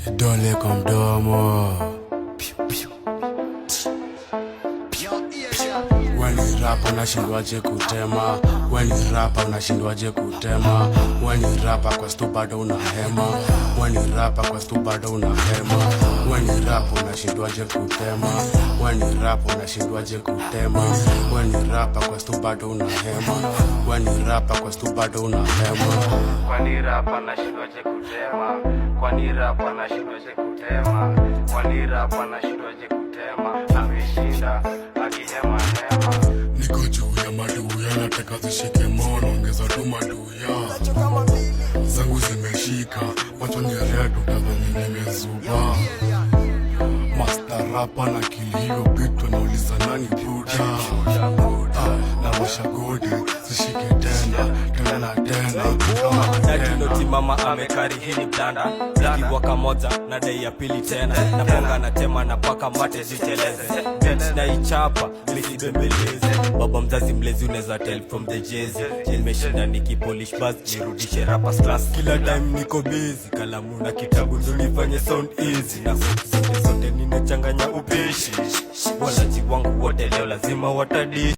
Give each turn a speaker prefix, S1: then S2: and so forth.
S1: Vidole kwa mdomo. rapa unashindwaje kutema? Weni rapa unashindwaje kutema? Weni rapa kwa stu bado una hema? Weni rapa kwa stu bado una hema? Weni rapa unashindwaje kutema? Weni rapa unashindwaje kutema? Weni rapa kwa stu bado una hema? Weni rapa kwa stu bado una hema? Kwani rapa unashindwaje kutema? Kwani rapa unashindwaje kutema? Kwani rapa unashindwaje kutema? Ameshinda
S2: kazishike mono, ngeza tuma duya zangu zimeshika macho nyeredu mastarapa na kilio bitwa nauliza nani buda ah, na washagodi zishike tena tena
S3: tena mama amekari hili blanda Bliki waka moja na dai ya pili tena Na ponga na tema na paka mate ziteleze Bet na ichapa misibembeleze Baba mzazi mlezi uneza tell from the jezi Nimeshinda nikipolish buzz nirudishe rappers class
S4: Kila time niko busy kalamu na kitabu nifanye sound easy Na zote zote ninachanganya upishi Walaji wangu wote leo lazima watadishi